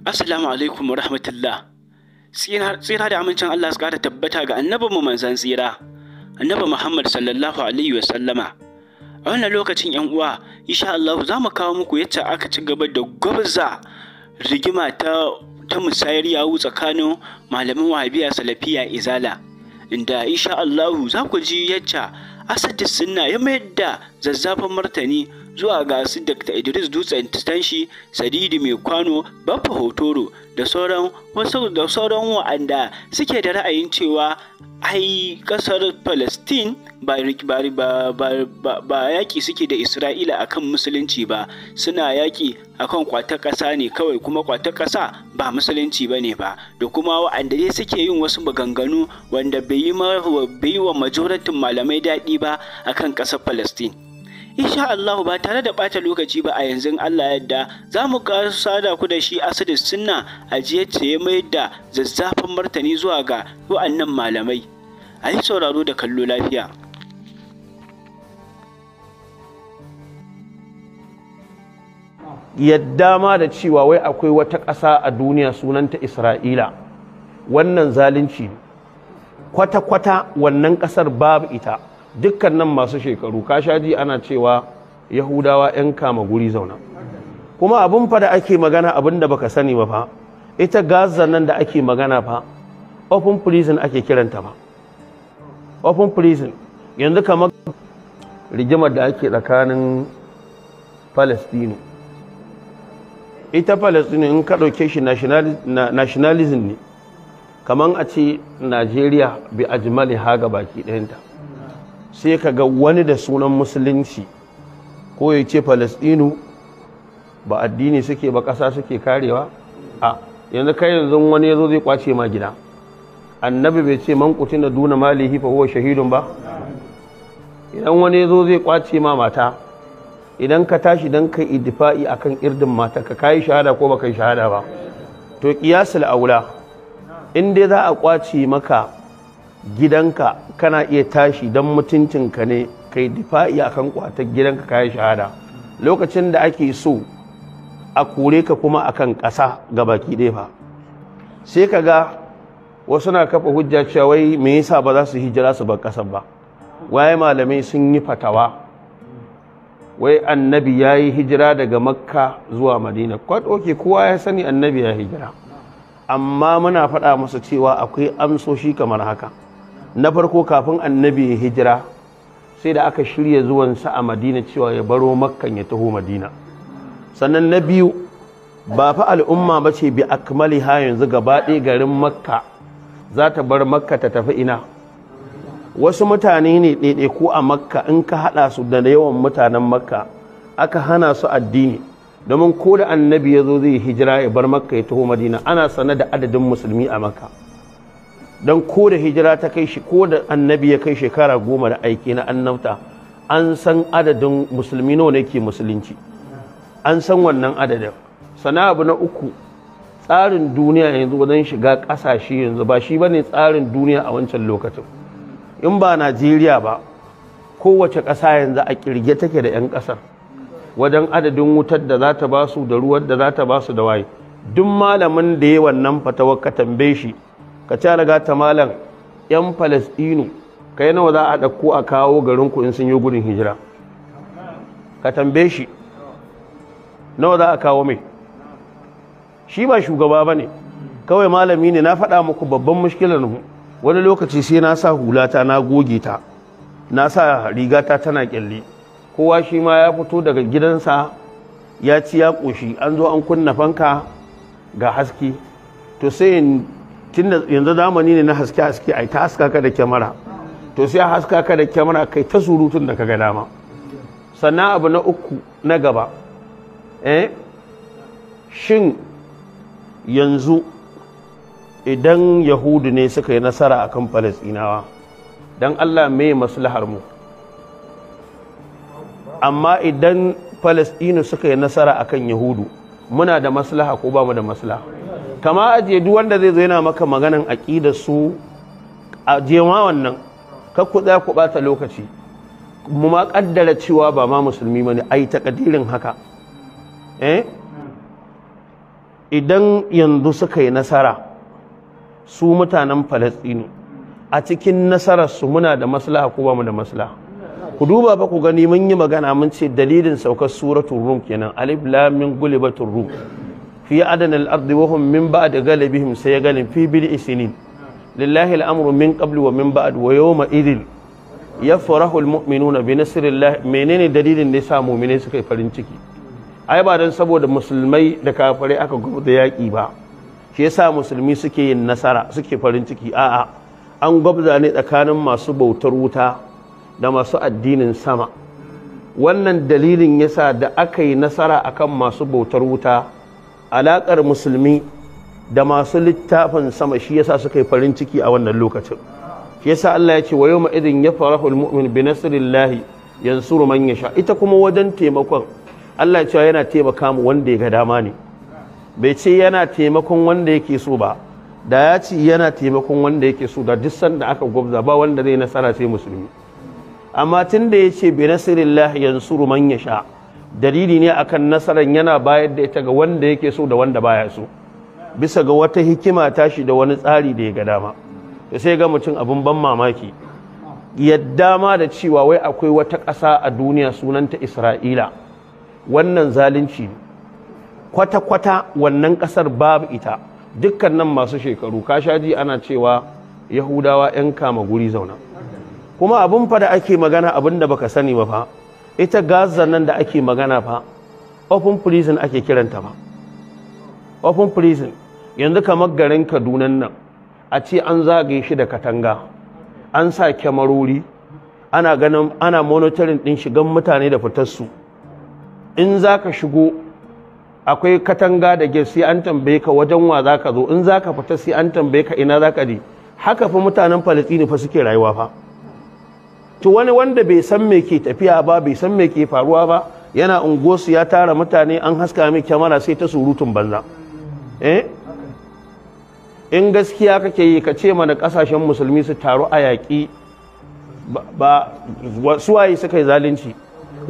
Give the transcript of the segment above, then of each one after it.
Assalamu alaikum wa rahmatullah. Tsira da amincin Allah su ƙara tabbata ga annabin mu manzan tsira, annabi Muhammad sallallahu alaihi wa sallama. A wannan lokacin ‘yan uwa, insha Allah za mu kawo muku yadda aka ci gaba da gwabza rigima ta ta musayar yawu tsakanin malaman wahabiya salafiya izala. Inda insha Allah za ku ji yadda Asad Sunna ya mayar da zazzafan martani zuwa ga su Dr. Idris Dutse Tanshi, Sadidi Mai Kwano, Baffa Hotoro da sauran wasu da wa'anda suke da ra'ayin cewa ai kasar Palestine ba yaƙi suke da Isra'ila akan musulunci ba suna yaƙi akan kwata ƙasa ne kawai kuma kwata ƙasa ba musulunci ba ne ba da kuma wa'anda dai suke yin wasu maganganu wanda bai yi wa majoritin malamai daɗi ba akan ƙasar Palestine. insha Allahu ba tare da ɓata lokaci ba a yanzu Allah yadda za mu sada ku da shi asirin sunna a ce ya mayar da zazzafin martani zuwa ga wa'annan malamai a yi sauraro da kallo lafiya yadda ma da cewa wai akwai wata ƙasa a duniya sunanta isra'ila wannan zalunci kwata-kwata wannan ƙasar babu ita dukkan masu shekaru kashaji ana cewa yahudawa 'yan kama guri zauna kuma abin fa da ake magana abin da baka sani ba fa ita gaza nan da ake magana fa open prison ake kiranta ba open prison yanzu kama rigimar da ake tsakanin palestino ita palestino in ka ɗauke shi nationalism ne kamar a ce najeriya bi ajimali haga baki ɗayanta sai ka ga wani da sunan musulunci ko ya ce falastinu ba addini suke ba ƙasa suke karewa a yanzu kai yanzu wani ya zo zai kwace ma gida annabi bai ce man na duna mali hifa huwa shahidun ba idan wani ya zo zai kwace ma mata idan ka tashi dan kai a akan irdin mata ka kai shahada ko ba kai shahada ba to qiyasul aula in dai za a kwace maka gidanka kana iya tashi don mutuncinka ne kai difa'i akan kwatar gidanka kayan shahada lokacin da ake so a kore ka kuma akan ƙasa ga baki ɗaya ba. sai ka ga wasu na kafa hujja cewa wai me yasa ba za su hijira su bar ƙasar ba waye malamai sun yi fatawa wai annabi ya yi hijira daga makka zuwa madina kwat oke kowa ya sani annabi ya hijira amma muna faɗa masa cewa akwai amsoshi kamar haka na farko kafin annabi ya hijira sai da aka shirya zuwansa a madina cewa ya baro makkan ya taho madina sannan na biyu ba fa al'umma ba ce bi akmali ha yanzu gaba ɗaya garin makka za ta bar makka ta tafi ina wasu mutane ne ɗaiɗai ko a makka in ka haɗa su da yawan mutanen makka aka hana su addini domin ko da annabi ya zo zai hijira ya bar makka ya taho madina ana sane da adadin musulmi a makka don ko da hijira ta kai shi ko da annabi ya kai shekara goma da aiki na annabta an san adadin musulmi nawa ne ke musulunci an san wannan adadin sana abu na uku tsarin duniya yanzu wajen shiga ƙasashe yanzu ba shi bane tsarin duniya a wancan lokacin in ba najeriya ba kowace ƙasa yanzu a kirge take da 'yan ƙasar wajen adadin wutar da za ta su da ruwan da za ta su da waye duk malamin da ya wannan fatawar ka tambaye shi ka ci alaga ta malam yan ka kai nawa za a ɗauko a kawo garinku in sun yi gudun hijira ka tambaye shi nawa za a kawo mai shi ba shugaba ba ne kawai malami ne na faɗa muku babban mushkilar wani lokaci sai na sa hulata na goge ta na sa rigata tana kyalle kowa shi ma ya fito daga gidansa ya ci ya ƙoshi an zo an kunna fanka ga haske to sai da yanzu zamani ne na haske haske ai ta haska ka da kyamara to sai haska ka da kyamara kai ta surutun da kaga dama sannan abu na uku na gaba eh shin yanzu idan yahudu ne suka yi nasara akan falasinawa don allah mai maslahar mu amma idan falasɗinu suka yi nasara akan yahudu muna da maslaha ko ba mu da maslaha kama ajiye duk wanda zai zo yana maka maganan aƙida su ajiye wannan ka ku za ku bata lokaci mu ma kaddara cewa ba ma musulmi ba ai a yi takadirin haka eh idan yanzu suka yi nasara su mutanen falastini a cikin nasararsu muna da maslaha ko ba mu da maslaha ku duba ba ku gani mun yi magana mun ce dalilin saukar suratul rum kenan alif lam min gulibatur rum fi adana al'ardi wa hum min ba'd galibihim sai galin fi bil isnin lillahi al min qabl wa min ba'd wa yawma idil yafrahu al-mu'minuna bi nasrillah menene dalilin da yasa mu'mine suka yi farin ciki ai ba dan saboda musulmai da kafirai aka da yaki ba shi yasa musulmi suke yin nasara suke farin ciki a'a an gwabza ne tsakanin masu bautar wuta da masu addinin sama wannan dalilin yasa da aka yi nasara akan masu bautar wuta alaƙar musulmi da masu littafin sama shi yasa suka yi farin ciki a wannan lokacin shi yasa Allah ya ce wa yawma idin yafrahu almu'min bi nasrillahi yansuru man yasha ita kuma wajen taimakon Allah ya cewa yana taimaka mu wanda ya ga dama ne bai ce yana taimakon wanda yake so ba da ya ce yana taimakon wanda yake so da duk sanda aka gwabza ba wanda zai nasara sai musulmi amma tun da ya ce bi nasrillahi yansuru man yasha dalili ne akan nasarar yana bayar da ita ga wanda yake so da wanda baya so bisa ga wata hikima tashi da wani tsari da ya ga dama da sai ga mutum abin ban mamaki yadda ma da cewa wai akwai wata ƙasa a duniya sunanta isra'ila wannan zalunci kwata-kwata wannan ƙasar babu ita dukkan nan masu shekaru kashaji ana cewa yahudawa 'yan kama guri zauna kuma abin fa da ake magana abin da baka sani ba fa ita gaza nan da ake magana fa open prison ake kiranta ba open prison yanzu kamar garin kadunan nan a ce an zagaye shi da katanga an sa kyamarori ana ganin ana monitorin din shigan mutane da fitarsu in za ka shigo akwai katanga da gate sai an tambaye ka wajen wa za ka zo in za ka fita sai an tambaye ka ina za ka je haka fa mutanen palestini fa suke rayuwa fa to wani wanda bai san me ke tafiya ba bai san me ke faruwa ba yana unguwarsu ya tara mutane an haska mai kyamara sai ta surutun banza eh? in gaskiya kake yi ka ce mana kasashen musulmi su taru a yaƙi ba suwaye suka yi zalunci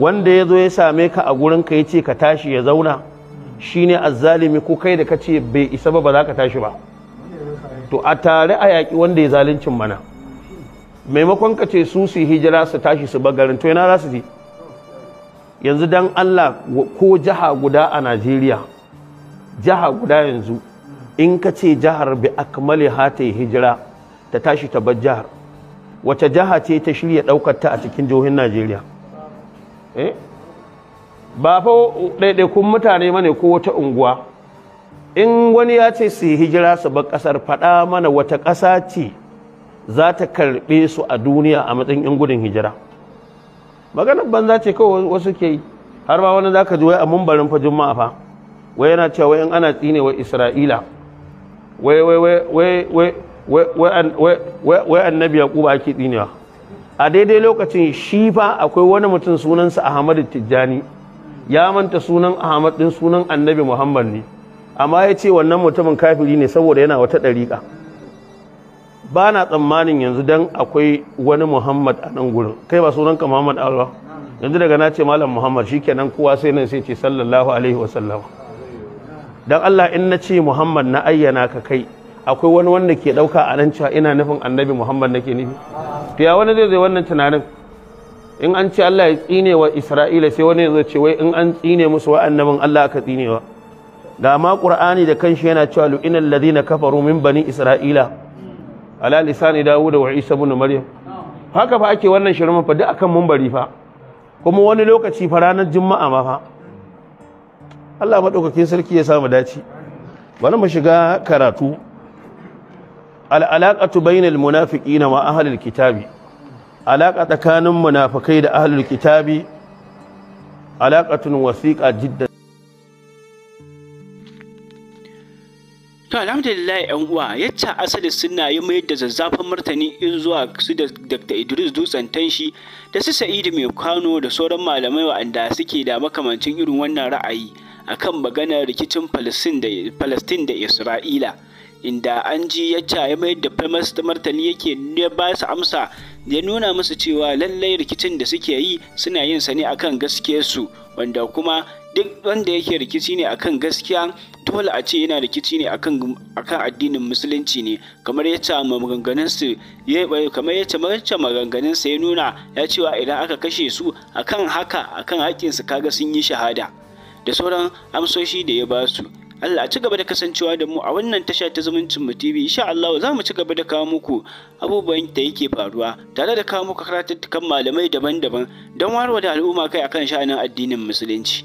wanda ya zo ya same ka a gurin ka ya ce ka tashi ya zauna shine azzalimi ko kai da ka ce bai isa ba ba za ka tashi ba to a tare a yaƙi wanda ya zaluncin mana maimakon ka ce su su hijira su tashi su bagarin to yana za su je yanzu dan Allah ko jiha guda a Najeriya jiha guda yanzu in ka ce jihar bi akmali hata hijira ta tashi ta bar jihar wace jiha ce ta shirya daukar ta a cikin jihohin Najeriya eh ba fa daidaikun mutane mane ko wata unguwa in wani ya ce su hijira su bar ƙasar faɗa mana wata ƙasa ce za ta karɓe su a duniya a matsayin 'yan gudun hijira maganar banza ce kawai wasu ke yi har ba wani za ka wai a mumbarin fa juma'a fa wai yana cewa wai in ana tsine wa isra'ila wai wai wai wai annabi yaquba ake tsinewa a daidai lokacin shi fa akwai wani mutum sunansa ahmadu tijjani ya manta sunan ahmad din sunan annabi muhammad ne amma ya ce wannan mutumin kafiri ne saboda yana wata ɗariƙa ba na tsammanin yanzu dan akwai wani muhammad a nan gurin kai ba sunanka muhammad alba yanzu daga na ce malam muhammad shikenan kowa sai nan sai ce sallallahu alaihi wasallam dan Allah in na ce muhammad na ayyana ka kai akwai wani wanda ke dauka a nan cewa ina nufin annabi muhammad nake nufi to ya wani zai zai wannan tunanin in an ce Allah ya tsine wa Isra'ila sai wani zai ce wai in an tsine musu wa annabin Allah aka tsinewa ga ma Qur'ani da kanshi yana cewa lu'inal ladina kafaru min bani Isra'ila ala lisani dawuda wa isa ibn maryam haka fa ake wannan shirin fa duk akan mumbari fa kuma wani lokaci fa ranar juma'a ma fa Allah madaukakin sarki ya samu dace bari mu shiga karatu al alaqatu bainal munafiqina wa ahlil kitabi alaqa tsakanin munafikai da ahlul kitabi alaqatun wasiqa jiddan To alhamdulillah yan uwa yacca asali suna yi mai da zazzafin martani in zuwa su da Dr. Idris Dutsen Tanshi da su Sa'idu Mai Kwano da sauran malamai wa'anda suke da makamancin irin wannan ra'ayi akan maganar rikicin Palestine da Isra'ila. Inda an ji yacca ya mayar da famous martani yake ne ba su amsa ya nuna musu cewa lallai rikicin da suke yi suna yin sa ne akan gaskiyarsu wanda kuma duk wanda yake rikici ne akan gaskiya dole a ce yana rikici ne akan addinin musulunci ne kamar ya kamar yacce maganganunsa ya nuna ya cewa idan aka kashe su akan haka akan haƙƙinsu kaga sun yi shahada da sauran amsoshi da ya ba su Allah ci gaba da kasancewa da mu a wannan tasha ta zumuncin mu TV insha Allah za mu ci gaba da kawo muku abubuwan da yake faruwa tare da kawo muku karatun malamai daban-daban don warwa al'umma kai akan sha'anin addinin musulunci.